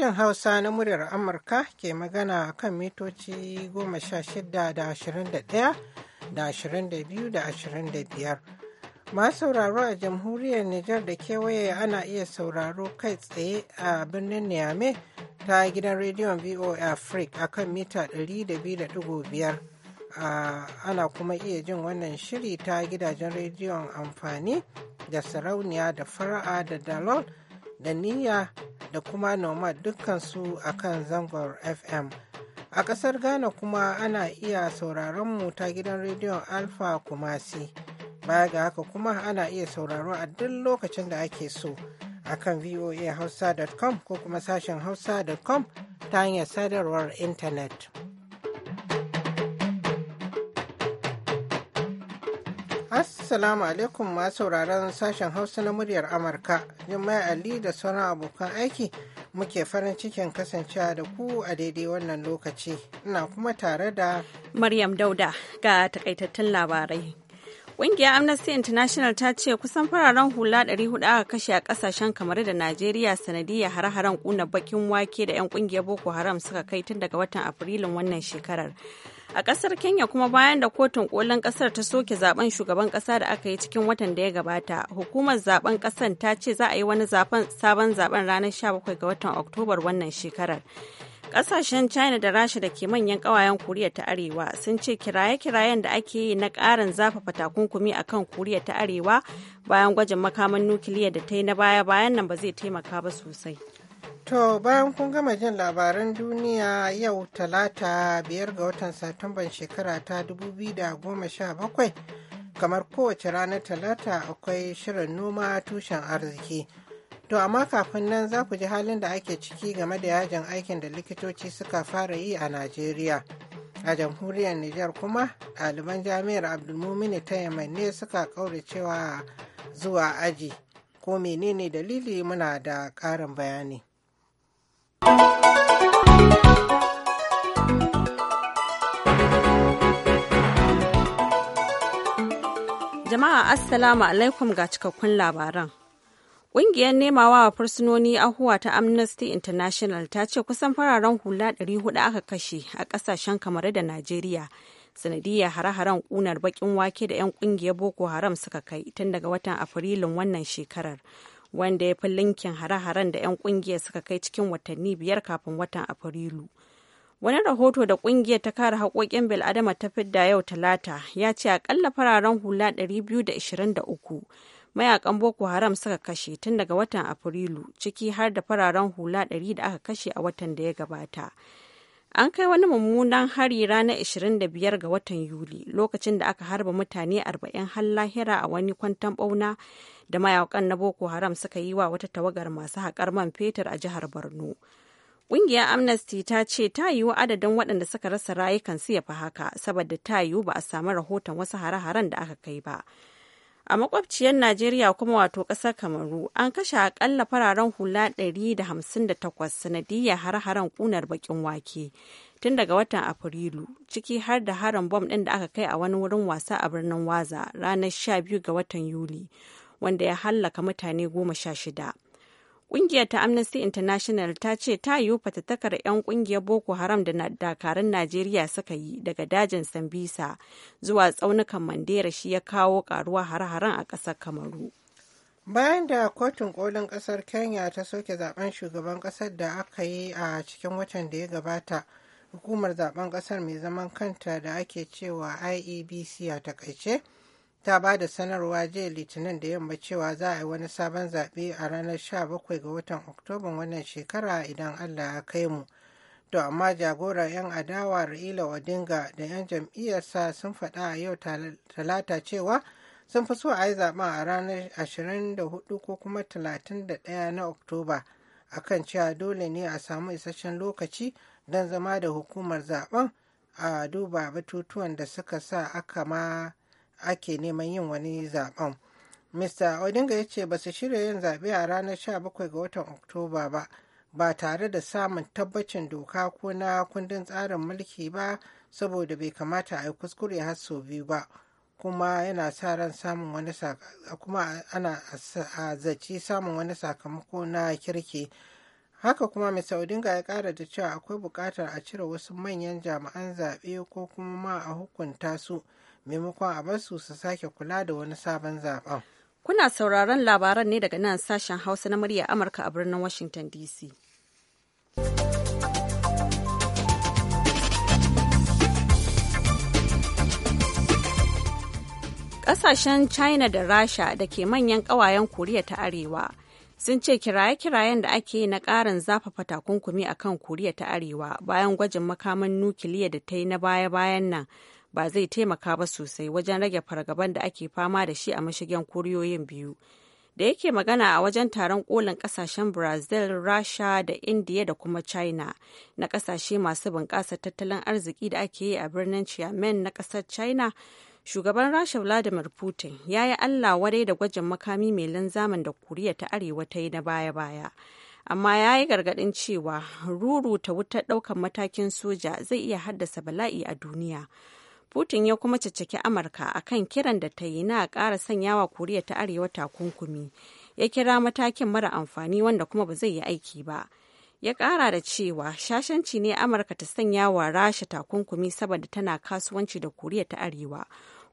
Sashen Hausa na muryar Amurka ke magana a kan mitoci goma sha shida da ashirin da ɗaya da da Masu sauraro a jamhuriyar Nijar da kewaye ana iya sauraro kai tsaye a birnin niame ta gidan rediyon VOA Africa a kan mita 200.5 ana kuma iya jin wannan shiri ta gidajen rediyon amfani da sarauniya da fara'a da dalol da niyya da kuma nomad dukkansu a kan zangon fm a ƙasar ghana kuma ana iya sauraron mu ta gidan rediyon Alfa kumasi baya ga haka kuma ana iya sauraro a duk lokacin da ake so a kan voahausa.com ko kuma sashen hausa.com ta hanyar sadarwar intanet. Assalamu alaikum ma sauraron sashen Hausa na muryar Amurka. Jummai Ali da sauran abokan aiki muke farin cikin kasancewa da ku a daidai wannan lokaci. Ina kuma tare da Maryam Dauda ga takaitattun labarai. Ƙungiyar Amnesty International ta ce kusan fararen hula 400 aka kashe a ƙasashen kamar da Najeriya sanadiyar hare-haren kuna bakin wake da 'yan ƙungiyar Boko Haram suka kai tun daga watan Afrilun wannan shekarar. a kasar kenya kuma bayan da kotun kolin kasar ta soke zaben shugaban kasa da aka yi cikin watan da ya gabata hukumar zaben kasan ta ce za a yi wani sabon zaben ranar 17 ga watan oktobar wannan shekarar kasashen china da rasha da ke manyan kawayen koriya ta arewa sun ce kiraye-kirayen da ake yi na karin zafafa takunkumi a kan koriya ta arewa bayan gwajin makaman nukiliya da ta yi na baya-bayan nan ba zai taimaka ba sosai To bayan kun gama jin labaran duniya yau talata biyar ga watan Satumban shekara ta 2017 kamar kowace ranar talata akwai shirin noma tushen arziki. To amma kafin nan za ku ji halin da ake ciki game da yajin aikin da likitoci suka fara yi a Najeriya. A jamhuriyar Nijar kuma ɗaliban jami'ar Abdulmumini ta Yemen ne suka kauracewa zuwa aji. Ko menene dalili muna da ƙarin bayani. Jama'a Assalamu alaikum ga cikakkun labaran. Ƙungiyar nemawa wa fursunoni ahuwa ta Amnesty International ta ce kusan fararen hula 400 aka kashe a ƙasashen kamar da Najeriya. sanadiyya hare-haren ƙunar baƙin wake da 'yan ƙungiyar Boko Haram suka kai tun daga watan Afrilun wannan shekarar. wanda ya fi linkin hare-haren da 'yan kungiyar suka kai cikin watanni biyar kafin watan afrilu wani rahoto da kungiyar ta kare haƙoƙin bil'adama ta fidda yau talata ya ce akalla fararen hula 223 mayakan boko haram suka kashe tun daga watan afrilu ciki har da fararen hula 100 da aka kashe a watan da ya gabata An kai wani mummunan hari ranar 25 ga watan Yuli lokacin da aka harba mutane 40 har lahira a wani kwantan bauna da mayakan na Boko Haram suka yi wa wata tawagar masu haƙar man fetur a jihar Borno. Ƙungiyar Amnesty ta ce ta yiwu adadin waɗanda suka rasa rayukansu ya fi haka saboda ta yiwu ba a samu rahoton wasu hare-haren da aka kai ba. a makwabciyar najeriya kuma wato ƙasar kamaru an kashe akalla fararen hula 158 sanadiyar har-haren kunar bakin wake tun daga watan afrilu ciki har da harin bom ɗin da aka kai a wani wurin wasa a birnin waza ranar 12 ga watan yuli wanda ya hallaka mutane goma Ƙungiyar ta Amnesty International ta ce ta yiwu fatattakar 'yan ƙungiyar Boko Haram da dakarun Najeriya suka yi daga dajin Sambisa zuwa tsaunukan Mandera shi ya kawo ƙaruwa har haren a ƙasar Kamaru. Bayan da kotun kolin ƙasar Kenya ta soke zaben shugaban ƙasar da aka yi a cikin watan da ya gabata, hukumar zaben ƙasar mai zaman kanta da ake cewa IEBC a takaice. ta ba da sanarwa jiya litinin da yamma cewa za a yi wani sabon zaɓe a ranar 17 ga watan oktoban wannan shekara idan allah ya kai mu to amma jagorar 'yan adawa ra'ila odinga da 'yan jam'iyyarsa sun faɗa a yau talata cewa sun fi so a yi zaɓen a ranar 24 ko kuma 31 na oktoba akan cewa dole ne a samu isasshen lokaci don zama da hukumar zaɓen a duba batutuwan da suka sa aka ma ake neman yin wani zaben. Mr. Odinga ya ce ba su shirya yin zaɓe a ranar 17 ga watan Oktoba ba, ba tare da samun tabbacin doka ko na kundin tsarin mulki ba saboda bai kamata a yi kuskure har sau biyu ba. kuma yana sa ran samun wani kuma ana a zaci samun wani sakamako na kirki haka kuma mr odinga ya kara da cewa akwai bukatar a cire wasu manyan jami'an zaɓe ko kuma ma a hukunta su maimakon a basu su sake kula da wani sabon zaben. Kuna sauraron labaran ne daga nan sashen Hausa na murya Amurka a birnin Washington DC. Ƙasashen China da Rasha da ke manyan ƙawayen Koriya ta Arewa sun ce kiraye-kirayen da ake na ƙarin zafafa takunkumi a kan Koriya ta Arewa bayan gwajin makaman nukiliya da ta yi na baya-bayan nan ba zai taimaka ba sosai wajen rage fargaban da ake fama da shi a mashigan kuriyoyin biyu da yake magana a wajen taron kolin kasashen brazil rasha da india da kuma china na kasashe masu bunƙasa tattalin arziki da ake yi a birnin chiamen na ƙasar china shugaban rasha vladimir putin ya yi allah wadai da gwajin makami mai linzamin da koriya ta arewa ta yi na baya-baya amma ya yi gargaɗin cewa ruru ta wutar ɗaukar matakin soja zai iya haddasa bala'i a duniya Putin ya kuma caccaki Amurka akan kiran da ta yi na ƙara sanyawa Koriya ta Arewa takunkumi. Ya kira matakin mara amfani wanda kuma ba zai yi aiki ba. Ya kara da cewa shashanci ne Amurka ta sanya wa Rasha takunkumi saboda tana kasuwanci da Koriya ta Arewa.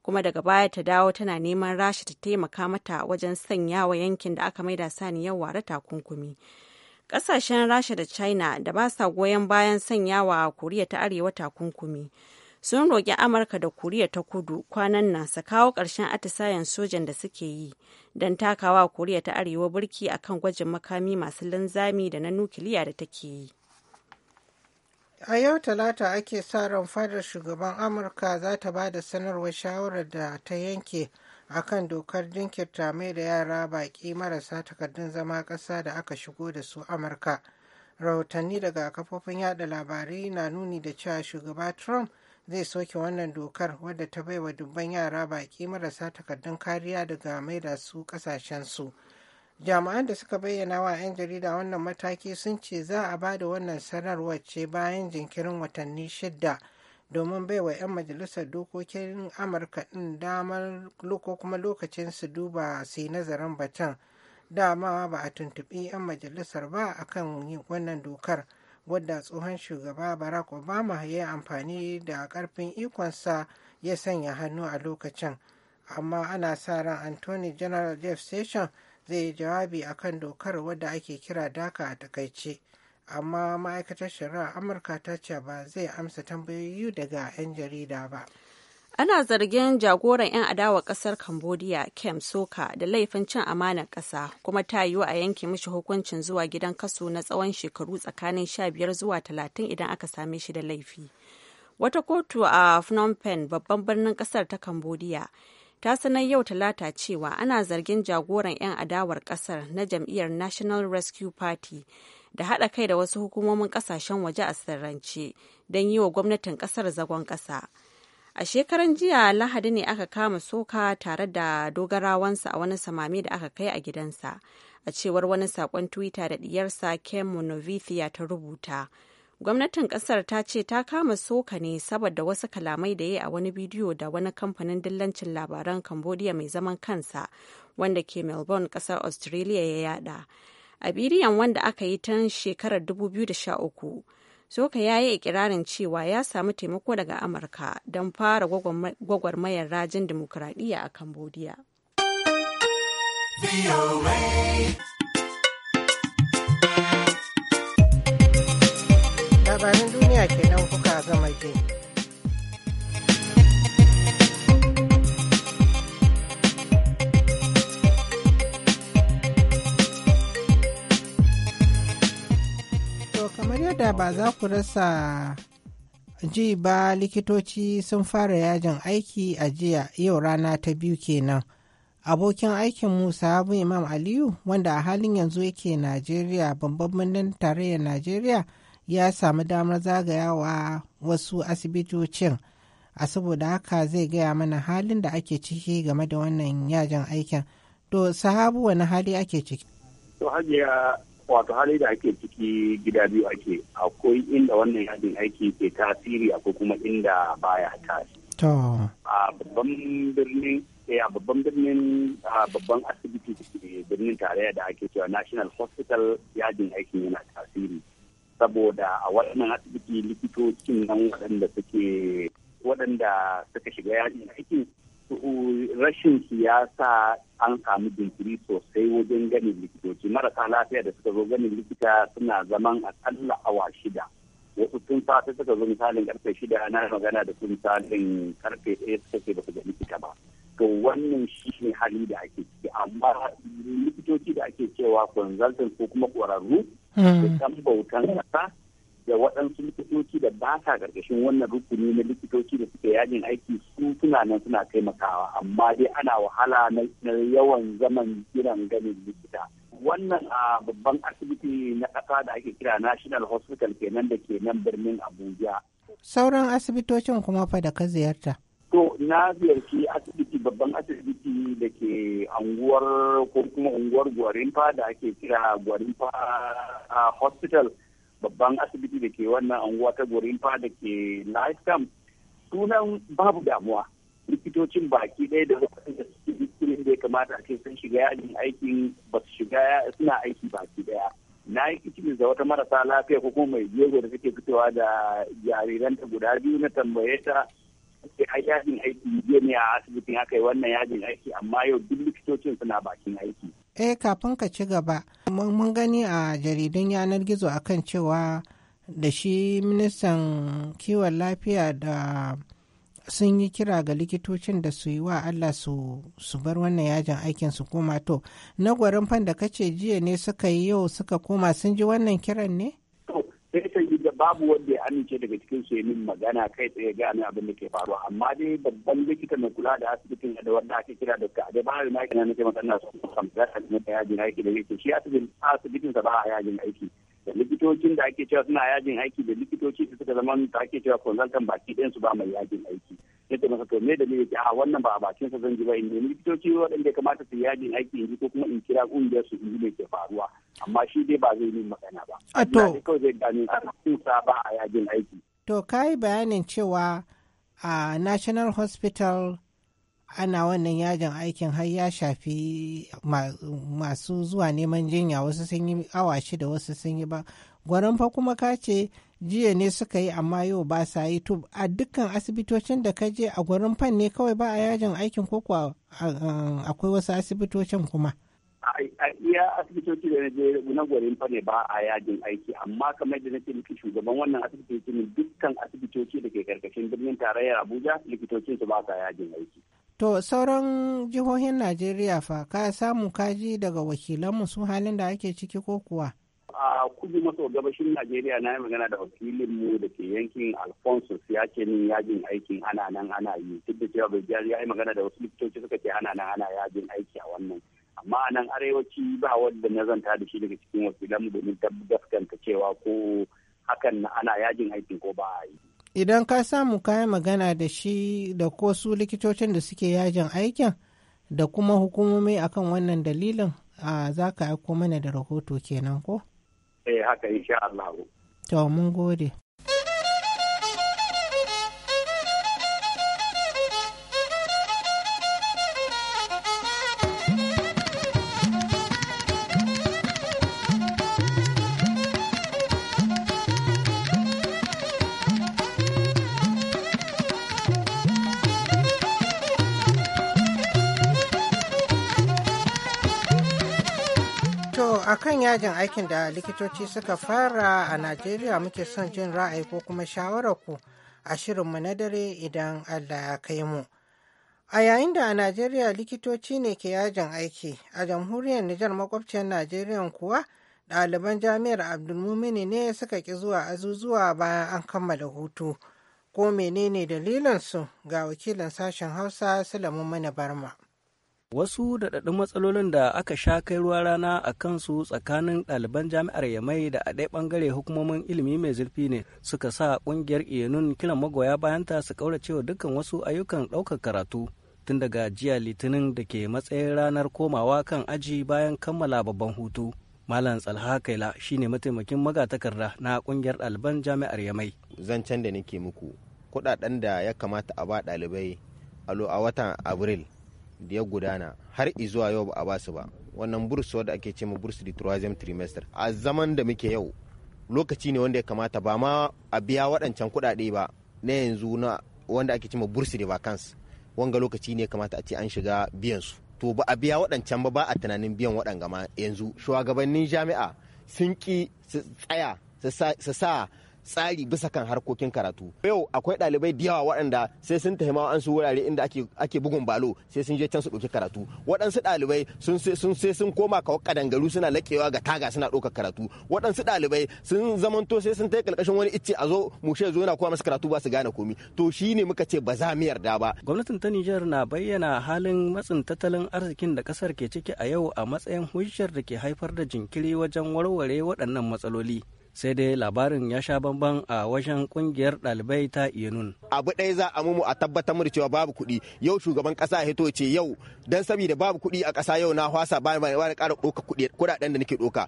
Kuma daga baya ta dawo tana neman Rasha ta taimaka mata wajen sanya wa yankin da aka maida saniyar ware takunkumi. kasashen Rasha da China da ba sa goyon bayan sanya wa Koriya ta Arewa takunkumi. sun roƙi amurka da koriya ta kudu kwanan nan su kawo ƙarshen atisayen sojan da suke yi don takawa koriya ta arewa burki kan gwajin makami masu linzami da na nukiliya da take yi a yau talata ake sa ran fadar shugaban amurka za ta ba da sanarwar shawarar da ta yanke a kan dokar jinkirta mai da yara baƙi marasa takardun zama ƙasa da aka shigo da su amurka rahotanni daga kafofin yada labarai na nuni da cewa shugaba trump zai soke wannan dokar wadda ta baiwa dubban yara baki marasa takardun kariya daga da su kasashensu jami'an da suka bayyana wa 'yan jarida wannan mataki sun ce za a ba da wannan sanarwar ce bayan jinkirin watanni shidda domin baiwa 'yan majalisar dokokin amurka ɗin damar ko kuma lokacin su duba su yi nazarin batun dama ba a tuntuɓi 'yan majalisar ba akan wannan dokar. wadda tsohon shugaba barack obama ya yi amfani da karfin ikonsa ya sanya hannu a lokacin amma ana sa ran anthony general jeff session zai yi jawabi akan dokar wadda ake kira daka a takaice amma ma'aikatar shari'a amurka ta ce ba zai amsa tambayoyi daga 'yan jarida ba ana zargin jagoran 'yan adawa kasar cambodia kem soka da laifin cin amanar kasa kuma ta yiwu a yanke mishi hukuncin zuwa gidan kasu na tsawon shekaru tsakanin 15 zuwa 30 idan aka same shi da laifi wata kotu a phnom penh babban birnin kasar ta cambodia ta sanar yau talata cewa ana zargin jagoran 'yan adawar kasar na jam'iyyar national rescue party da haɗa kai da wasu hukumomin ƙasashen waje a sirrance don yi wa gwamnatin ƙasar zagon kasa. a shekaran jiya lahadi ne aka kama soka tare da dogarawansa a wani samami da aka kai a gidansa a cewar wani sakon twitter da diyarsa ken monovithia ta rubuta gwamnatin kasar ta ce ta kama soka ne saboda wasu kalamai da ya yi a wani bidiyo da wani kamfanin dillancin labaran cambodia mai zaman kansa wanda ke melbourne kasar australia ya yada a bidiyon wanda aka yi tun shekarar 2013 Soka ya yi ikirarin cewa ya samu taimako daga Amurka don fara gwagwarmayar rajin dimokuraɗiyya a Cambodia. Labarin duniya kenan kuka gama jin. kamar yadda ba za ku rasa ji ba likitoci sun fara yajin aiki a jiya yau rana ta biyu kenan abokin aikin musa abu imam aliyu wanda a halin yanzu yake najeriya babban birnin tarayyar najeriya ya samu damar zagayawa wasu asibitocin a saboda haka zai gaya mana halin da ake ciki game da wannan yajin aikin to sahabu wani hali ake ciki to hajiya wato hali da ake ciki gida biyu ake akwai inda wannan yajin aiki ke tasiri akwai kuma inda baya tasiri. Eh, a babban birnin a babban birnin babban asibiti birnin tarayya da ake cewa National Hospital yajin aikin yana tasiri. Saboda a wannan asibiti likitocin nan waɗanda suke waɗanda suka shiga yajin aikin rashin siyasa an samu jinkiri sosai wajen ganin likitoci marasa lafiya da suka zo ganin likita suna zaman akalla awa shida wasu tun fata suka zo misalin karfe shida na magana da su misalin karfe ɗaya suka ce ba ga likita ba to wannan shi ne hali da ake ciki amma likitoci da ake cewa consultant ko kuma ƙwararru hmm. da kan bautan ƙasa da waɗansu likitoci da ba sa ƙarƙashin wannan rukuni na likitoci da suke yajin aiki su suna nan suna taimakawa amma dai ana wahala na yawan zaman jiran ganin likita wannan a babban asibiti na ƙasa da ake kira national hospital kenan da ke nan birnin abuja sauran asibitocin kuma fa da ka ziyarta to na ziyarci asibiti babban asibiti da ke anguwar ko kuma unguwar gwarinfa da ake kira gwarinfa hospital babban asibiti da ke wannan anguwa ta gorimfa da ke lifetime sunan babu damuwa likitocin baki ɗaya da waɗanda suke da ya kamata a ce sun shiga yajin aikin ba su shiga suna aiki baki ɗaya na yi kicin da wata marasa lafiya ko kuma mai jego da suke fitowa da jariranta guda biyu na tambaye ta ke yajin aiki biyu ne a asibitin aka yi wannan yajin aiki amma yau duk likitocin suna bakin aiki eh kafin ka ci gaba mun gani a jaridun yanar gizo akan cewa da shi ministan kiwon lafiya da sun yi kira ga likitocin da su yi wa Allah su bar wannan yajin aikin su koma to na gwarin fan da kace jiya ne suka yi yau suka koma sun ji wannan kiran ne? sai ta yi da babu wanda ya amince daga cikin su min magana kai tsaye gane abin da ke faruwa amma dai babban likita mai kula da asibitin da wanda ake kira da ka da bayan na kana nake magana su kan da ta yajin aiki da yake shi asibitin asibitin sa ba a yajin aiki da likitocin da ake cewa suna yajin aiki da likitoci da suka zama da ake cewa consultant baki ɗayan su ba mai yajin aiki yadda masa to me da yake a ah, wannan ba a bakin sa zan ji ba in likitoci waɗanda ya kamata su yajin aiki in ji ko kuma in kira ƙungiyar su in ji me ke faruwa amma shi dai ba zai yi magana ba a to kawai zai gani cikin ba a yajin aiki to ka yi bayanin cewa a national hospital ana wannan yajin aikin har ya shafi masu zuwa neman jinya wasu sun yi awa shida wasu sun yi ba Gwaron fa kuma ka ce jiya ne suka yi amma yau ba sa yi to a dukkan asibitocin da ka je a gwaron fan ne kawai ba a yajin aikin ko kuwa akwai wasu asibitocin kuma a iya asibitoci da je na gwarin fa ne ba a yajin aiki amma kamar da nake miki shugaban wannan asibitoci ne dukkan asibitoci da ke karkashin birnin tarayyar abuja likitocin su ba sa yajin aiki to sauran jihohin najeriya fa ka samu kaji daga wakilan mu su halin da ake ciki ko kuwa a kudu maso gabashin najeriya na yi magana da wakilin mu da ke yankin alfonso ya ce min yajin aikin ana nan ana yi duk da cewa bai ya yi magana da wasu likitoci suka ce ana nan ana yajin aiki a wannan ma'anan arewaci ba wanda na zanta da shi daga cikin wakilan domin da cewa ko hakan ana yajin aikin ko ba a yi. Idan ka samu kayan magana da shi da ko su likitocin da suke yajin aikin da kuma hukumomi akan wannan dalilin za ka aiko mana da rahoto kenan ko? Eh haka insha Allah. To mun gode. To a kan yajin aikin da likitoci suka fara a Najeriya muke son jin ra'ayi ko kuma shawarar ku a shirinmu na dare idan Allah ya kai mu. A yayin da a Najeriya likitoci ne ke yajin aiki, a jamhuriyar Nijar makwabciyar Najeriya kuwa ɗaliban jami'ar Abdulmumini ne suka ki zuwa azuzuwa bayan an kammala hutu. Ko menene dalilinsu ga wakilin sashen Hausa Sulaiman Mana Barma. Wasu daɗaɗɗun matsalolin da aka sha kai ruwa rana a kansu tsakanin ɗaliban jami'ar Yamai da a ɗaya ɓangare hukumomin ilimi mai zurfi ne suka sa ƙungiyar iyanun kiran magoya bayanta su ƙauracewa dukkan wasu ayyukan ɗaukar karatu. tun daga jiya litinin da ke matsayin ranar komawa kan aji bayan kammala babban hutu. Malam Tsalha Kaila shine mataimakin magatakarda na ƙungiyar ɗaliban jami'ar Yamai. Zancen da nake muku kuɗaɗen da ya kamata a ba ɗalibai a watan Abril da ya gudana har izuwa yau ba a basu ba wannan bursu wadda ake ce ma bursu di troisième trimester a zaman da muke yau lokaci ne wanda ya kamata ba ma a biya waɗancan kuɗaɗe ba na yanzu na wanda ake ce ma bursu di vacance wanga lokaci ne ya kamata a ce an shiga biyan su to ba a biya waɗancan ba ba a tunanin biyan waɗanga ma yanzu shugabannin jami'a sun ki su tsaya su sa tsari bisa kan harkokin karatu yau akwai ɗalibai da yawa waɗanda sai sun tafi an su wurare inda ake bugun balo sai sun je can su ɗauki karatu waɗansu ɗalibai sun sai sun koma kawo kadangaru suna laƙewa ga taga suna ɗaukar karatu waɗansu ɗalibai sun zamanto sai sun tai ƙarƙashin wani icce a zo shi zo na kowa masu karatu ba su gane komi to shi ne muka ce ba za mu yarda ba gwamnatin ta Nijar na bayyana halin matsin tattalin arzikin da ƙasar ke ciki a yau a matsayin hujjar da ke haifar da jinkiri wajen warware waɗannan matsaloli sai dai labarin ya sha bamban a wajen kungiyar dalibai ta yenun abu ɗaya za a mumu a tabbatar mu cewa babu kuɗi yau shugaban ƙasa ya ce yau dan saboda babu kuɗi a ƙasa yau na hwasa ba ba da ƙara ɗoka kuɗaɗen da nake ɗoka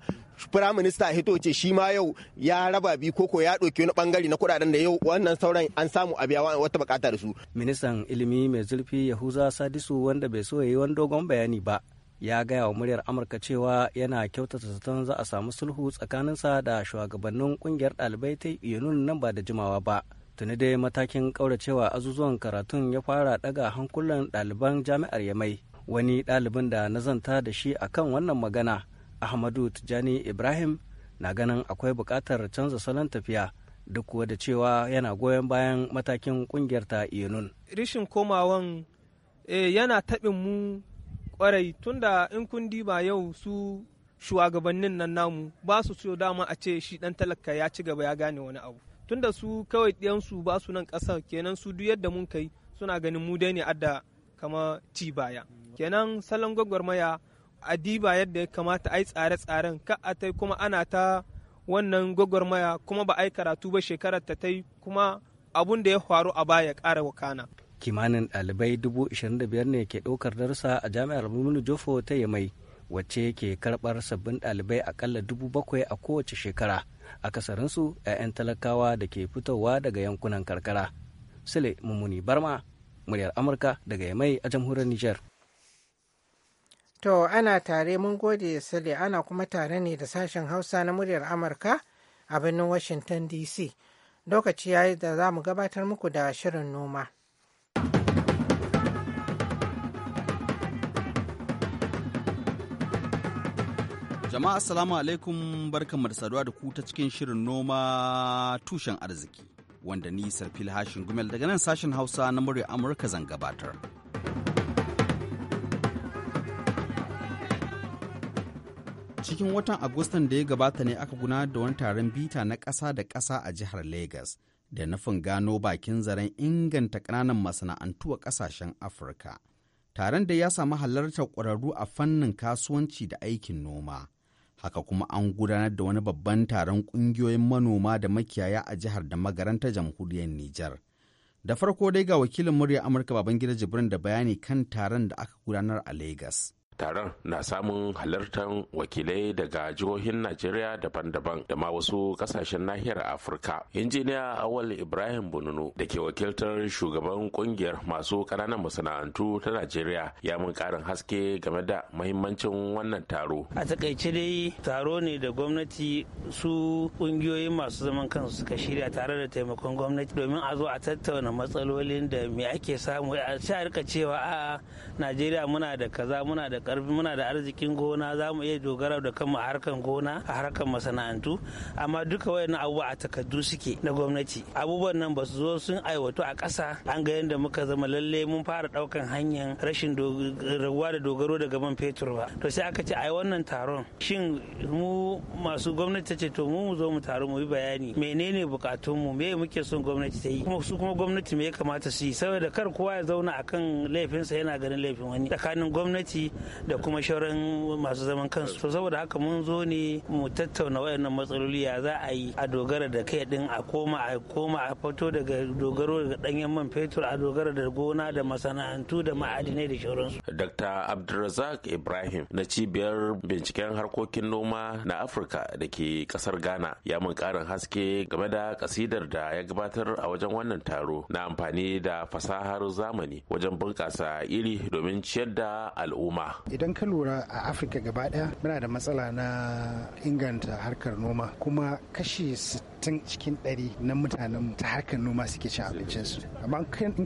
firayim minista ya ce shi ma yau ya raba bi koko ya ɗauki wani ɓangare na kuɗaɗen da yau wannan sauran an samu a biya wata buƙata da su ministan ilimi mai zurfi yahuza sadisu wanda bai so ya yi wani dogon bayani ba ya gaya wa muryar amurka cewa yana kyautata zaton za a samu sulhu tsakaninsa da shugabannin kungiyar dalibai ta yunun nan ba da jimawa ba tuni dai matakin kauracewa azuzuwan karatun ya fara daga hankulan ɗaliban jami'ar yamai wani ɗalibin da na zanta da shi akan wannan magana ahmadu tijani ibrahim na ganin akwai buƙatar canza salon tafiya duk kuwa da cewa yana goyon bayan matakin kungiyar ta yunun rishin komawan eh, yana taɓin mu kwarai tunda in kun diba yau su shugabannin nan namu ba su so dama a ce shi dan talaka ya ci gaba ya gane wani abu tunda su kawai su ba su nan kasa kenan su duk yadda mun kai suna ganin mu dai ne adda kama ci baya kenan salon gwagwarmaya a diba yadda ya kamata ai tsare-tsaren ka a tai kuma ana ta wannan gwagwarmaya kuma ba ai karatu ba shekarar ta tai kuma abun da ya faru a baya ya ƙara wakana kimanin ɗalibai 25,000 ne ke ɗaukar darsa a jami'ar Muminu Jofo ta Yamai wacce ke karɓar sabbin ɗalibai akalla 7,000 a kowace shekara a akasarinsu 'ya'yan talakawa da ke fitowa daga yankunan karkara. Sule Mummuni Barma, muryar Amurka daga Yamai a jamhuriyar niger To ana tare mun gode Sule ana kuma tare ne da sashen Hausa na muryar Amurka a birnin Washington DC. Lokaci yayi da za mu gabatar muku da shirin noma. Jama'a assalamu alaikum barkanmu da saduwa da ku ta cikin shirin noma tushen arziki wanda ni Sarfil Hashin Gumel daga nan sashen Hausa na murya Amurka zan gabatar. Cikin watan Agustan da ya gabata ne aka guna da wani taron bita na ƙasa da ƙasa a jihar Legas da nufin gano bakin zaren inganta ƙananan masana'antu a ƙasashen Afirka. Taron da ya samu halartar ƙwararru a fannin kasuwanci da aikin noma. haka kuma an gudanar da wani babban taron ƙungiyoyin manoma da makiyaya a jihar da magaranta jamhuriyar Nijar. Da farko dai ga wakilin murya Amurka Babangida Jibrin da bayani kan taron da aka gudanar a Legas. taron na samun halartar wakilai daga jihohin najeriya daban-daban da ma wasu kasashen nahiyar afirka injiniya awal ibrahim bununu da ke wakiltar shugaban kungiyar masu kananan masana'antu ta najeriya ya mun karin haske game da mahimmancin wannan taro a takaice dai taro ne da gwamnati su kungiyoyi masu zaman kansu suka shirya tare da taimakon gwamnati domin a zo a tattauna matsalolin da me ake samu a cewa a najeriya muna da kaza muna da karfi muna da arzikin gona za mu iya dogara da kanmu a harkan gona a harkan masana'antu amma duka wayannan abubuwa a takaddu suke na gwamnati abubuwan nan ba su zo sun aiwato a ƙasa an ga yadda muka zama lalle mun fara ɗaukan hanyar rashin raguwa da dogaro daga man fetur ba to sai aka ce ai wannan taron shin mu masu gwamnati ta ce to mu zo mu taro mu yi bayani menene bukatunmu me muke son gwamnati ta yi kuma su kuma gwamnati me ya kamata su yi saboda kar kowa ya zauna akan laifinsa yana ganin laifin wani tsakanin gwamnati da kuma shirin masu zaman kansu to saboda haka mun zo ne mu tattauna wayannan matsaloli ya za a yi a dogara da kai din a koma a koma a fito daga dogaro daga danyen man fetur a dogara da gona da masana'antu da ma'adinai da shauransu Dr. Abdulrazak Ibrahim na cibiyar binciken harkokin noma na Afirka da ke ƙasar Ghana ya mun karin haske game da kasidar da ya gabatar a wajen wannan taro na amfani da fasahar zamani wajen bunƙasa iri domin ciyar da al'umma. idan ka lura a afirka gaba daya muna da matsala na inganta harkar noma kuma kashi sittin cikin ɗari na mutanen ta harkar noma suke cin abincinsu amma in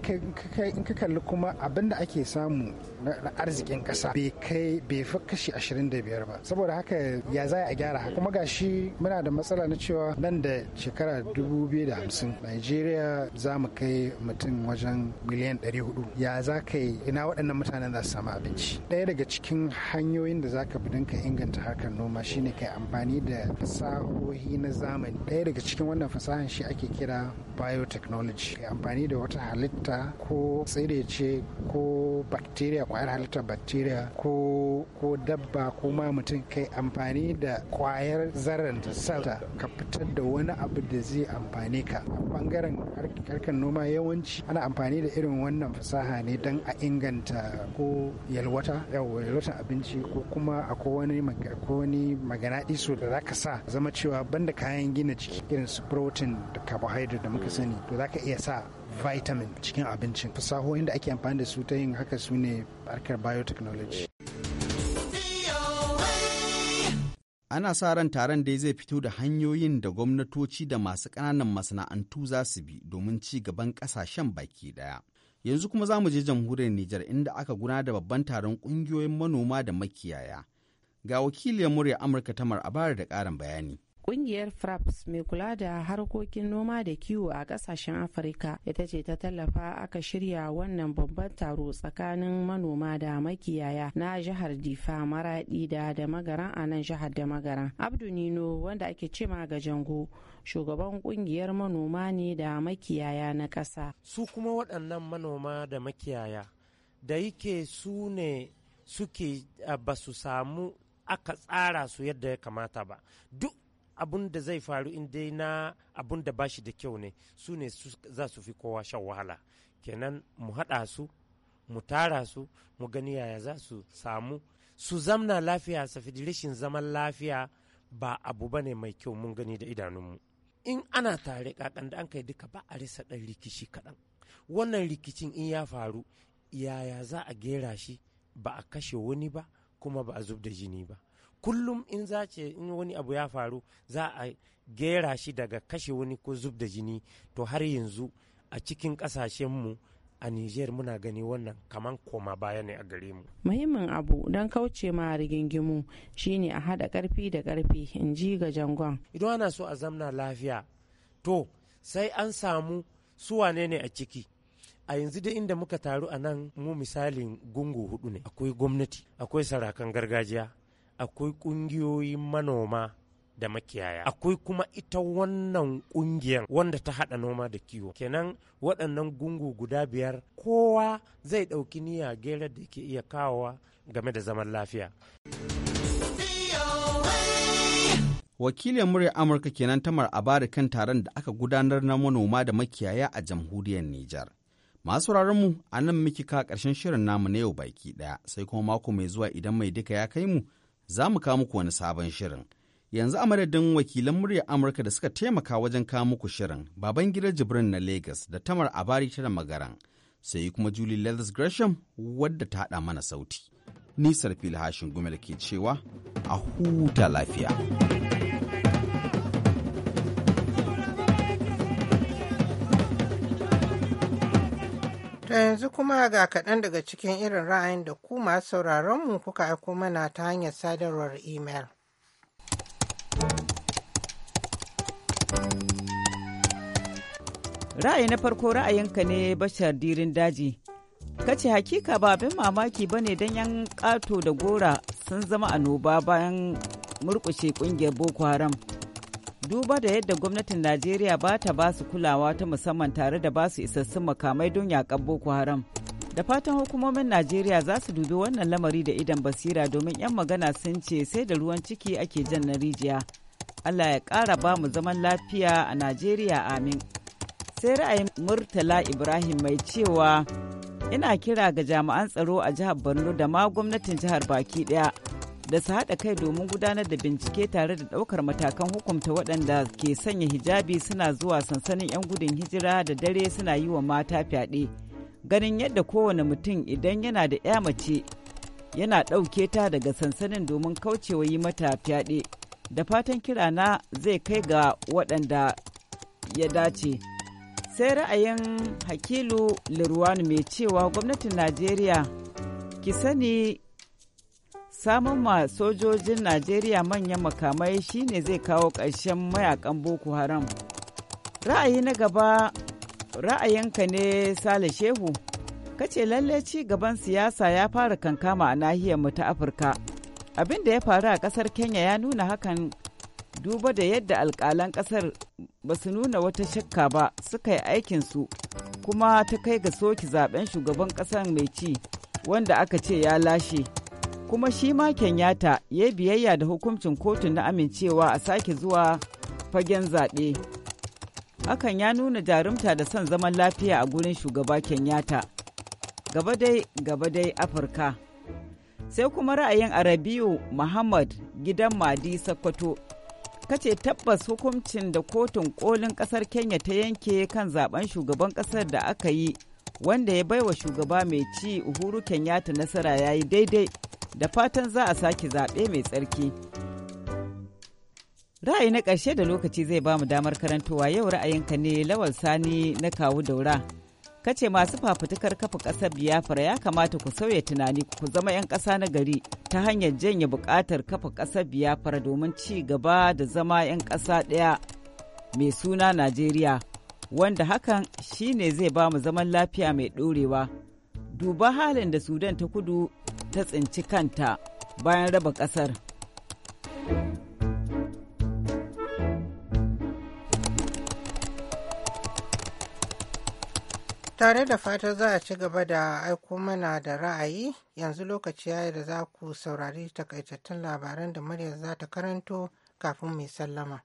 ka kalli kuma abinda da ake samu na arzikin kasa bai kai bai fi kashi 25 ba saboda haka ya za a gyara kuma gashi muna da matsala na cewa nan da shekara 2050 Najeriya za mu kai mutum wajen miliyan 400 ya za ka yi ina waɗannan mutanen za su samu abinci ɗaya daga daga cikin hanyoyin da zaka bi don ka inganta harkar noma shine kai amfani da fasahohi na zamani ɗaya daga cikin wannan fasahan shi ake kira biotechnology kai amfani da wata halitta ko tsire ce ko bacteria kwayar halittar bacteria ko ko dabba ko ma mutum kai amfani da kwayar zarar da salta ka fitar da wani abu da zai amfani ka a bangaren harkar noma yawanci ana amfani da irin wannan fasaha ne don a inganta ko yalwata yau wadatar abinci ko kuma akwai wani wani magana iso da zaka sa zama cewa banda kayan gina jiki irin su protein da carbohydrate da muka mm. sani to zaka iya sa vitamin cikin abincin fasahohin da ake amfani da su ta yin haka su ne harkar biotechnology ana sa ran taron dai zai fito da hanyoyin da gwamnatoci da masu ƙananan masana'antu za su bi domin ci gaban ƙasashen baki ɗaya. Yanzu kuma za mu je jamhuriyar Nijar inda aka guna da babban taron ƙungiyoyin manoma da makiyaya. Ga wakiliyar murya Amurka Tamar a da ƙarin bayani. Kungiyar FRAPS mai kula da harkokin noma da kiwo a kasashen Afirka ita ce ta tallafa aka shirya wannan babban taro tsakanin manoma da makiyaya na jihar Difa maraɗi da da magaran a nan jihar da magaran. Abdu Nino wanda ake ce ga jango shugaban kungiyar manoma ne da makiyaya na ƙasa. Su kuma waɗannan manoma da makiyaya da yake su ne suke ba su samu aka tsara su yadda ya kamata ba duk abun da zai faru in dai na abun da bashi da kyau ne su ne za su fi kowa shan wahala kenan mu haɗa su mu tara su mu gani yaya za su samu su zamna lafiya fi rashin zaman lafiya ba abu ba ne mai kyau mun gani da idanunmu in ana tare kakan da an kai duka ba a risa ɗan rikici kaɗan wannan rikicin in ya faru yaya za a gera shi ba a kashe wani ba kuma ba a zub da jini ba kullum in za ce in wani abu ya faru za a gera shi daga kashe wani ko zub da jini to har yanzu a cikin mu a Niger muna gani wannan kaman koma baya ne a gare mu. Muhimmin abu don kauce ma rigingimu shine a haɗa ƙarfi da karfi in ji ga jangon. Idan ana so a zamna lafiya to sai an samu su wanene ne a ciki. A yanzu da inda muka taru a nan mu misalin gungu hudu ne akwai gwamnati akwai sarakan gargajiya akwai ƙungiyoyin manoma da makiyaya akwai kuma ita wannan ƙungiyar wanda ta haɗa noma da kiwo kenan waɗannan gungu guda biyar kowa zai ɗauki niyya gerar da ke iya kawowa game da zaman lafiya wakilin murya amurka kenan ta tamar abari kan taron da aka gudanar na manoma da makiyaya a jamhuriyar nijar masu mu a nan muke ka ƙarshen shirin namu na yau baki ɗaya sai kuma mako mai zuwa idan mai duka ya kai mu za mu kawo muku wani sabon shirin. Yanzu a madadin wakilan muryar Amurka da suka taimaka wajen kawo muku shirin, baban gida Jibrin na Legas da Tamar Abari ta magaran, sai kuma Julie Leathers Gresham wadda ta haɗa mana sauti. Nisar fil hashin gumel ke cewa a huta lafiya. yanzu kuma ga kaɗan daga cikin irin ra'ayin da ku masu sauraronmu kuka aiko mana ta hanyar sadarwar imel. Ra'ayi na farko ra'ayinka ne bashar dirin daji. Kace hakika ba abin mamaki ba ne don yan ƙato da gora sun zama annoba bayan murƙushe ƙungiyar Boko Haram. duba da yadda gwamnatin najeriya ba ta ba su kulawa ta musamman tare da ba su isassun makamai don yakan boko haram da fatan hukumomin najeriya za su dubi wannan lamari da idan basira domin 'yan magana sun ce sai da ruwan ciki ake jan na rijiya allah ya ƙara ba mu zaman lafiya a najeriya amin sai ra'ayin murtala ibrahim mai cewa ina kira ga jami'an tsaro a jihar borno da ma gwamnatin jihar baki ɗaya da su haɗa kai domin gudanar da bincike tare da ɗaukar matakan hukumta waɗanda ke sanya hijabi suna zuwa sansanin 'yan gudun hijira da dare suna yi wa mata fyaɗe ganin yadda kowane mutum idan yana da 'ya mace yana ɗauke ta daga sansanin domin kaucewa yi mata fyaɗe da fatan kirana zai kai ga waɗanda ya dace sai ra'ayin hakilu lirwan mai cewa gwamnatin najeriya ki sani samun ma sojojin najeriya manyan makamai shine zai kawo ƙarshen mayakan boko haram ra'ayi na gaba ra'ayinka ne sale shehu kace lalle ci gaban siyasa ya fara kankama a nahiyar mu ta afirka abin da ya faru a ƙasar kenya ya nuna hakan duba da yadda alƙalan ƙasar ba su nuna wata shakka ba suka yi aikinsu kuma ta kai ga soki zaben shugaban ƙasar mai ci wanda aka ce ya lashe kuma shi ma kenyatta ya biyayya da hukuncin kotun na amincewa a sake zuwa fagen zaɓe hakan ya nuna jarumta da son zaman lafiya a gurin shugaba kenyatta gaba dai afirka sai kuma ra'ayin arabiyu muhammad gidan madi sakkwato kace tabbas hukuncin da kotun kolin kasar kenya ta yanke kan zaben shugaban kasar da aka yi wanda ya baiwa shugaba mai ci uhuru kenyatta nasara ya yi daidai da fatan za a sake zaɓe mai tsarki. Ra'ayi na ƙarshe da lokaci zai ba mu damar karantowa yau ra'ayinka ne lawal sani na kawu daura. Kace masu fafutukar kafa ƙasar Biafra ya kamata ku sauya tunani ku zama 'yan ƙasa na gari ta hanyar janye buƙatar kafa ƙasar Biafra domin ci gaba da zama 'yan ƙasa ɗaya mai suna Najeriya. Wanda hakan shine zai ba mu zaman lafiya mai ɗorewa. duba halin da sudan ta kudu ta tsinci kanta bayan raba ƙasar. tare da fata za a ci gaba da aiko mana da ra'ayi yanzu lokaci yayi da za ku saurari takaitattun labaran da murya za ta karanto kafin mai sallama.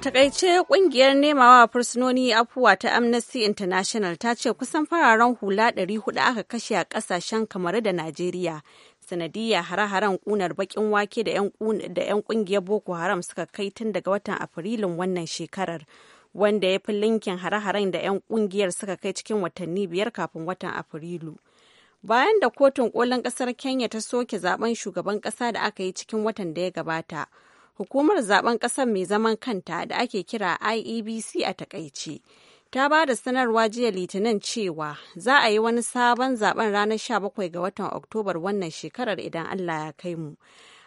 takaice kungiyar nemawa fursunoni afuwa ta Amnesty International ta ce kusan fararen hula 400 aka kashe a kasashen kamar da Najeriya. sanadiyya hare-haren kunar bakin wake da 'yan kungiyar Boko Haram suka kai tun daga watan Afrilun wannan shekarar. Wanda ya fi linkin hare-haren da 'yan kungiyar suka kai cikin watanni biyar kafin watan Afrilu. Bayan da kotun kolin kasar Kenya ta soke zaben shugaban kasa da aka yi cikin watan da ya gabata. hukumar zaben ƙasar mai zaman kanta da ake kira iebc a takaice ta ba da sanarwa jiya litinin cewa za a yi wani sabon zaben ranar 17 ga watan oktobar wannan shekarar idan allah ya kai mu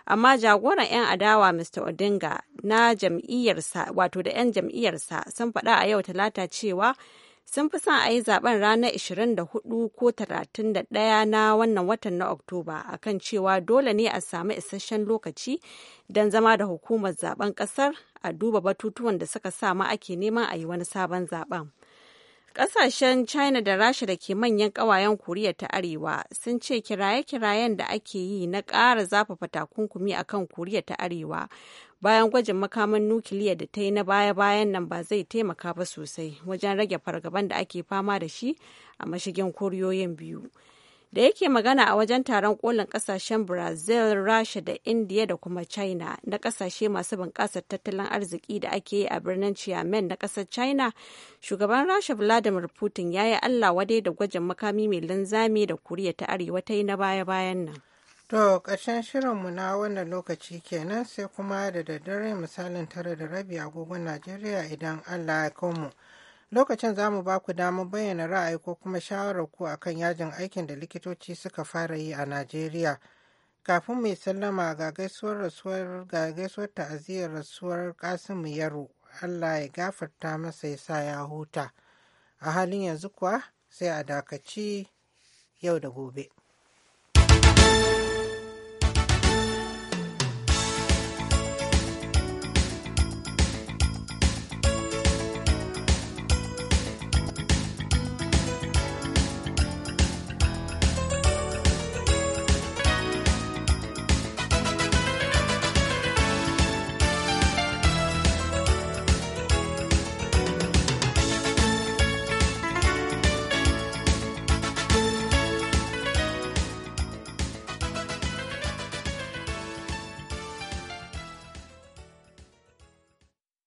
amma jagoran 'yan adawa mr odinga na jam'iyyarsa wato da 'yan jam'iyyarsa sun faɗa a yau talata cewa sun fi son a yi zaben ranar 24 ko 31 na wannan watan na Oktoba akan cewa dole ne a samu isasshen lokaci don zama da hukumar zaben kasar a duba batutuwan da suka sa ma ake neman a yi wani sabon zaben. Ƙasashen China da Rasha da ke manyan ƙawayen Koriya ta Arewa sun ce kiraye-kirayen da ake yi na ƙara zafafa takunkumi a kan Koriya ta Arewa bayan gwajin makaman nukiliya da ta yi na baya-bayan nan ba zai taimaka ba sosai wajen rage fargaban da ake fama da shi a mashigin koriyoyin biyu. da yake magana a wajen taron kolin kasashen brazil rasha da indiya da kuma china na kasashe masu bunƙasar tattalin arziki da ake yi a birnin chiamen na ƙasar china shugaban rasha vladimir putin ya yi allah wadai da gwajin makami mai linzami da kuriya ta arewa ta yi na baya-bayan nan to ƙarshen shirinmu na wannan lokaci kenan sai kuma da daddare misalin tara da rabi agogon najeriya idan allah ya komo. mu lokacin za mu ba ku damar bayyana ra'ayi ko kuma shawarar ku akan yajin aikin da likitoci suka fara yi a najeriya kafin mai sallama ga gaisuwar rasuwar ga gaisuwar ta'aziyar rasuwar kasimu yaro allah ya gafarta masa ya sa ya huta a halin yanzu kuwa sai a dakaci yau da gobe